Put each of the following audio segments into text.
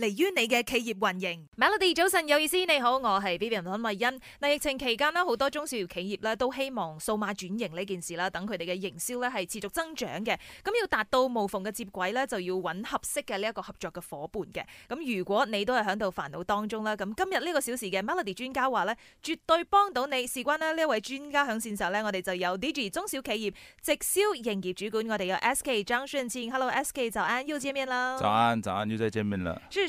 嚟於你嘅企業運營。Melody 早晨有意思，你好，我係 BBM 慧恩。嗱，疫情期間咧，好多中小企業咧都希望數碼轉型呢件事啦，等佢哋嘅營銷咧係持續增長嘅。咁要達到無縫嘅接軌咧，就要揾合適嘅呢一個合作嘅伙伴嘅。咁如果你都係喺度煩惱當中啦，咁今日呢個小時嘅 Melody 專家話咧，絕對幫到你。事關咧呢一位專家響線上咧，我哋就有 d j 中小企業直 i r e 營業主管，我哋有 SK 張順健。Hello，SK 早安，u 見面啦。早安，早安，又再見面啦。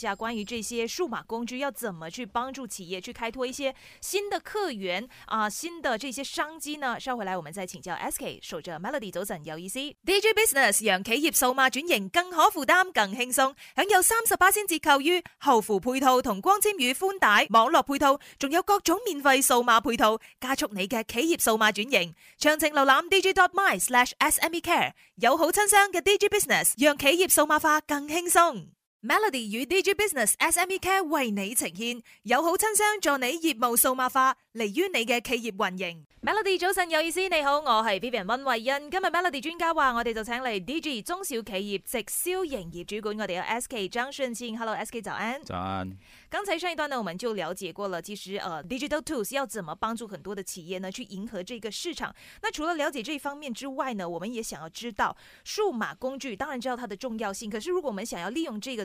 下關於這些數碼工具要怎麼去幫助企業去開拓一些新的客源啊，新的這些商機呢？稍回來我們再請教 S K。早著 Melody 早晨有意思。D J Business 讓企業數碼轉型更可負擔、更輕鬆，享有三十八仙折扣於後付配套同光纖與寬帶網絡配套，仲有各種免費數碼配套，加速你嘅企業數碼轉型。詳情瀏覽 D J dot my slash S M E Care，友好親商嘅 D J Business 讓企業數碼化更輕鬆。Melody 與 Digi Business SME Care 為你呈現友好親商，助你業務數碼化，利於你嘅企業運營。Melody 早晨有意思，你好，我係 Vivian 溫慧欣。今日 Melody 專家話，我哋就請嚟 Digi 中小企業直銷營業主管，我哋有 SK 張順志。Hello，SK 早安。早安。剛才上一段呢，我們就了解過了，其實，誒、uh，digital tools 要怎麼幫助很多的企業呢？去迎合這個市場。那除了了解這方面之外呢，我們也想要知道數碼工具，當然知道它的重要性。可是，如果我們想要利用這個，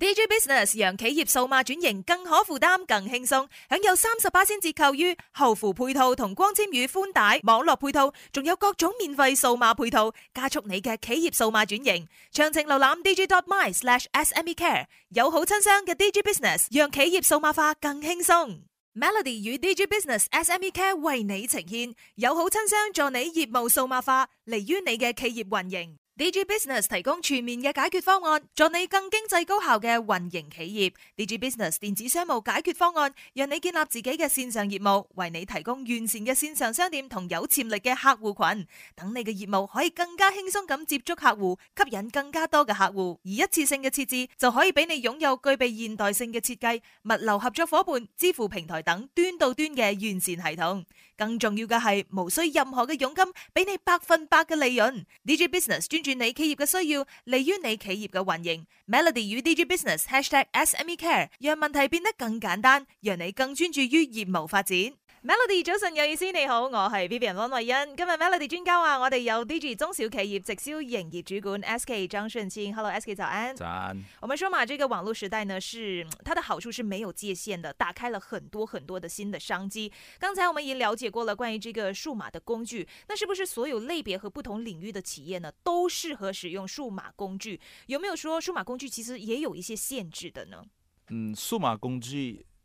Digi Business 讓企業數碼轉型更可負擔、更輕鬆，享有三十巴仙折扣於後付配套同光纖與寬帶網絡配套，仲有各種免費數碼配套，加速你嘅企業數碼轉型。詳情瀏覽 Digi dot my slash S M E Care，友好親商嘅 Digi Business 讓企業數碼化更輕鬆。Melody 與 Digi Business S M E Care 為你呈現友好親商，助你業務數碼化，利於你嘅企業運營。DG Business 提供全面嘅解決方案，助你更經濟高效嘅運營企業。DG Business 電子商務解決方案，讓你建立自己嘅線上業務，為你提供完善嘅線上商店同有潛力嘅客戶群，等你嘅業務可以更加輕鬆咁接觸客戶，吸引更加多嘅客戶。而一次性嘅設置就可以俾你擁有具備現代性嘅設計、物流合作夥伴、支付平台等端到端嘅完善系統。更重要嘅係，無需任何嘅佣金，俾你百分百嘅利潤。DG Business 專注。你企業嘅需要，利於你企業嘅運營。Melody 與 DG Business Hashtag #SMECare，讓問題變得更簡單，讓你更專注於業務發展。Melody 早晨，有意思你好，我係 Vivian 安慧欣。今日 Melody 專交啊，我哋有 D G 中小企業直銷營業主管 S K 張順清。Hello，S K 早安。早安。我們說嘛，這個網絡時代呢，是它的好處是沒有界限的，打開了很多很多的新的商機。剛才我們已經了解過了關於這個數碼的工具，那是不是所有類別和不同領域的企業呢，都適合使用數碼工具？有沒有說數碼工具其實也有一些限制的呢？嗯，數碼工具。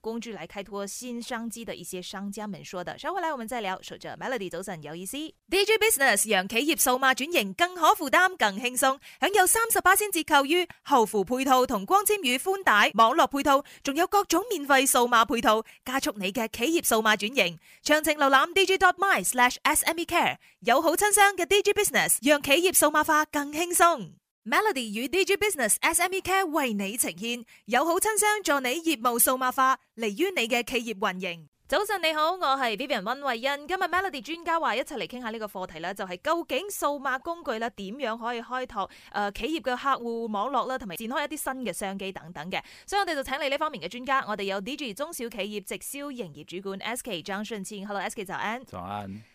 工具來開拓新商機的一些商家們說的，稍後來我們再聊。守着 Melody 早晨有意思，DJ Business 讓企業數碼轉型更可負擔、更輕鬆，享有三十八仙折扣於後付配套同光纖與寬帶網絡配套，仲有各種免費數碼配套，加速你嘅企業數碼轉型。詳情瀏覽 DJ Dot My Slash SME Care，有好親商嘅 DJ Business 讓企業數碼化更輕鬆。Melody 與 Digi Business SME Care 為你呈現友好親商，助你業務數碼化，利於你嘅企業運營。早晨你好，我係 Vivian 温慧欣。今日 Melody 專家話一齊嚟傾下呢個課題啦，就係、是、究竟數碼工具啦，點樣可以開拓誒、呃、企業嘅客戶網絡啦，同埋展開一啲新嘅商機等等嘅。所以我哋就請你呢方面嘅專家，我哋有 Digi 中小企業直銷營業主管 S K 張順千，hello S K 就 Ann，早安。早安。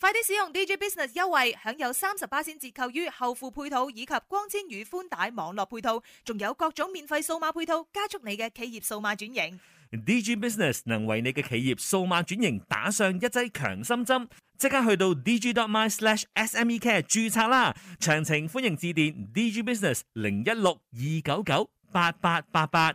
快啲使用 DG Business 優惠，享有三十八仙折扣於後付配套以及光纖與寬帶網絡配套，仲有各種免費數碼配套，加速你嘅企業數碼轉型。DG Business 能為你嘅企業數碼轉型打上一劑強心針，即刻去到 DG dot my slash SME care 註冊啦。詳情歡迎致電 DG Business 零一六二九九八八八八。